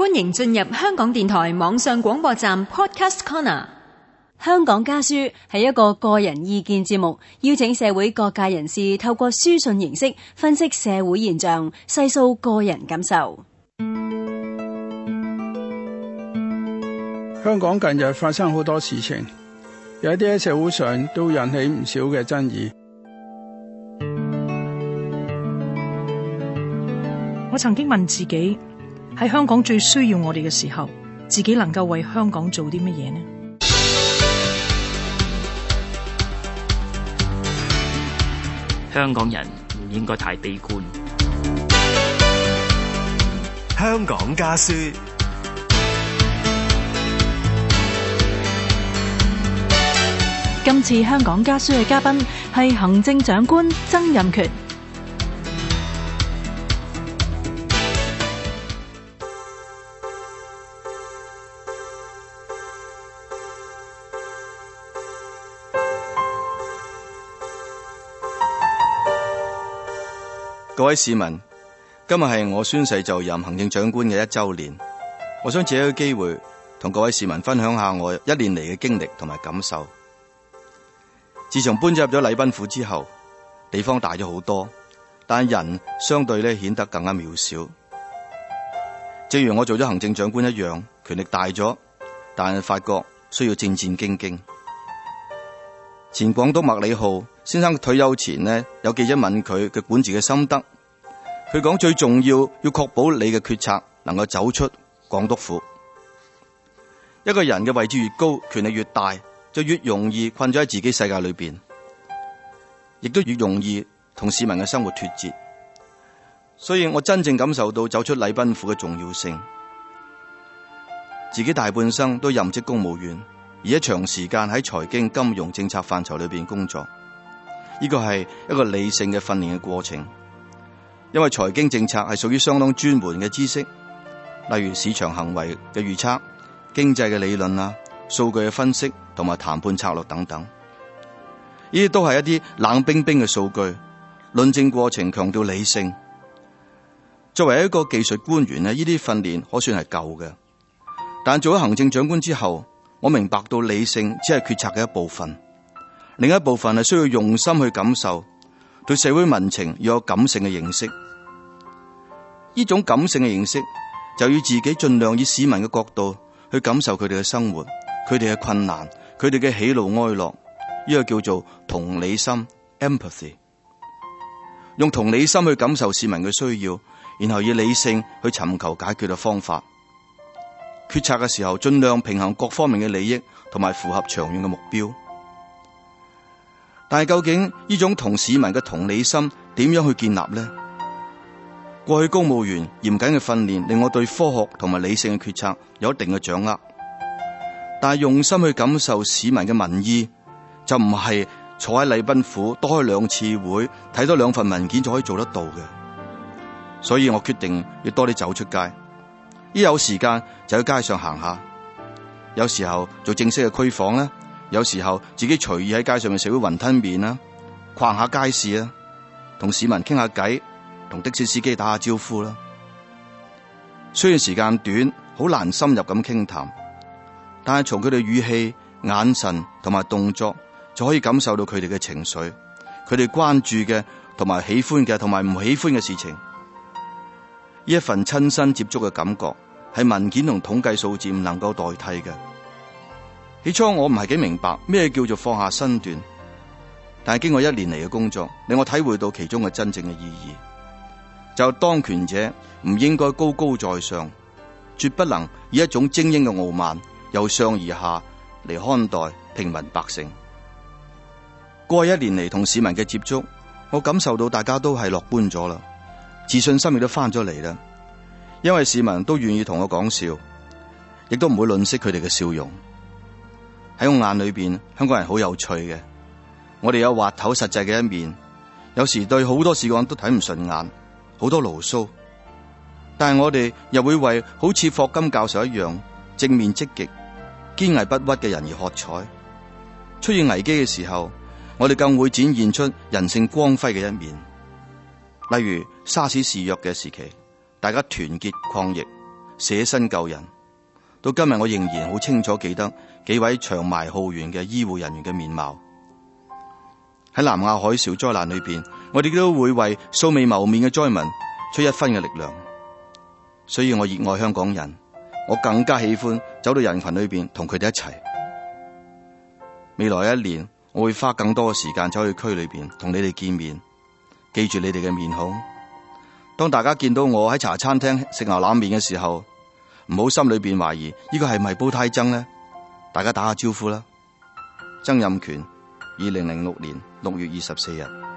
歡迎進入香港電台網上廣播站 Podcast Corner。香港家書係一個個人意見節目，邀請社會各界人士透過書信形式分析社會現象，細數個人感受。香港近日發生好多事情，有一啲喺社會上都引起唔少嘅爭議。我曾經問自己。喺香港最需要我哋嘅時候，自己能夠為香港做啲乜嘢呢？香港人唔應該太悲觀。香港家書，今次香港家書嘅嘉賓係行政長官曾蔭權。各位市民，今日係我宣誓就任行政長官嘅一周年，我想借一個機會同各位市民分享下我一年嚟嘅經歷同埋感受。自從搬入咗禮賓府之後，地方大咗好多，但人相對咧顯得更加渺小。正如我做咗行政長官一樣，權力大咗，但發覺需要戰戰兢兢。前港督麥理浩先生退休前呢有記者問佢嘅管治嘅心得，佢講最重要要確保你嘅決策能夠走出港督府。一個人嘅位置越高，權力越大，就越容易困咗喺自己世界裏邊，亦都越容易同市民嘅生活脱節。所以我真正感受到走出禮賓府嘅重要性。自己大半生都任職公務員。而喺長時間喺財經金融政策範疇裏邊工作，呢個係一個理性嘅訓練嘅過程。因為財經政策係屬於相當專門嘅知識，例如市場行為嘅預測、經濟嘅理論啊、數據嘅分析同埋談判策略等等。呢啲都係一啲冷冰冰嘅數據論證過程，強調理性。作為一個技術官員咧，呢啲訓練可算係舊嘅，但做咗行政長官之後。我明白到理性只係決策嘅一部分，另一部分係需要用心去感受，對社會民情要有感性嘅認識。呢種感性嘅認識就要自己盡量以市民嘅角度去感受佢哋嘅生活，佢哋嘅困難，佢哋嘅喜怒哀樂。呢個叫做同理心 （empathy）。用同理心去感受市民嘅需要，然後以理性去尋求解決嘅方法。決策嘅時候，盡量平衡各方面嘅利益同埋符合長遠嘅目標。但係究竟呢種同市民嘅同理心點樣去建立呢？過去公務員嚴謹嘅訓練令我對科學同埋理性嘅決策有一定嘅掌握，但係用心去感受市民嘅民意就唔係坐喺禮賓府多開兩次會睇多兩份文件就可以做得到嘅。所以我決定要多啲走出街。一有時間就喺街上行下，有時候做正式嘅區訪啦，有時候自己隨意喺街上面食碗雲吞麵啦，逛下街市啦，同市民傾下偈，同的士司機打下招呼啦。雖然時間短，好難深入咁傾談，但係從佢哋語氣、眼神同埋動作，就可以感受到佢哋嘅情緒，佢哋關注嘅同埋喜歡嘅同埋唔喜歡嘅事情。呢一份親身接觸嘅感覺，係文件同統計數字唔能夠代替嘅。起初我唔係幾明白咩叫做放下身段，但係經過一年嚟嘅工作，令我體會到其中嘅真正嘅意義。就是，當權者唔應該高高在上，絕不能以一種精英嘅傲慢由上而下嚟看待平民百姓。過去一年嚟同市民嘅接觸，我感受到大家都係樂觀咗啦。自信心亦都返咗嚟啦，因為市民都願意同我講笑，亦都唔會吝嗇佢哋嘅笑容。喺我眼裏邊，香港人好有趣嘅。我哋有滑頭實際嘅一面，有時對好多事幹都睇唔順眼，好多牢騷。但係我哋又會為好似霍金教授一樣正面積極、堅毅不屈嘅人而喝彩。出現危機嘅時候，我哋更會展現出人性光輝嘅一面。例如沙士肆虐嘅時期，大家團結抗疫，捨身救人，到今日我仍然好清楚記得幾位長埋浩園嘅醫護人員嘅面貌。喺南亞海嘯災難裏邊，我哋都會為素未謀面嘅災民出一分嘅力量。所以我熱愛香港人，我更加喜歡走到人群裏邊同佢哋一齊。未來一年，我會花更多嘅時間走去區裏邊同你哋見面。記住你哋嘅面孔，當大家見到我喺茶餐廳食牛腩麵嘅時候，唔好心裏邊懷疑呢、呢個係咪煲呔曾咧？大家打下招呼啦。曾蔭權，二零零六年六月二十四日。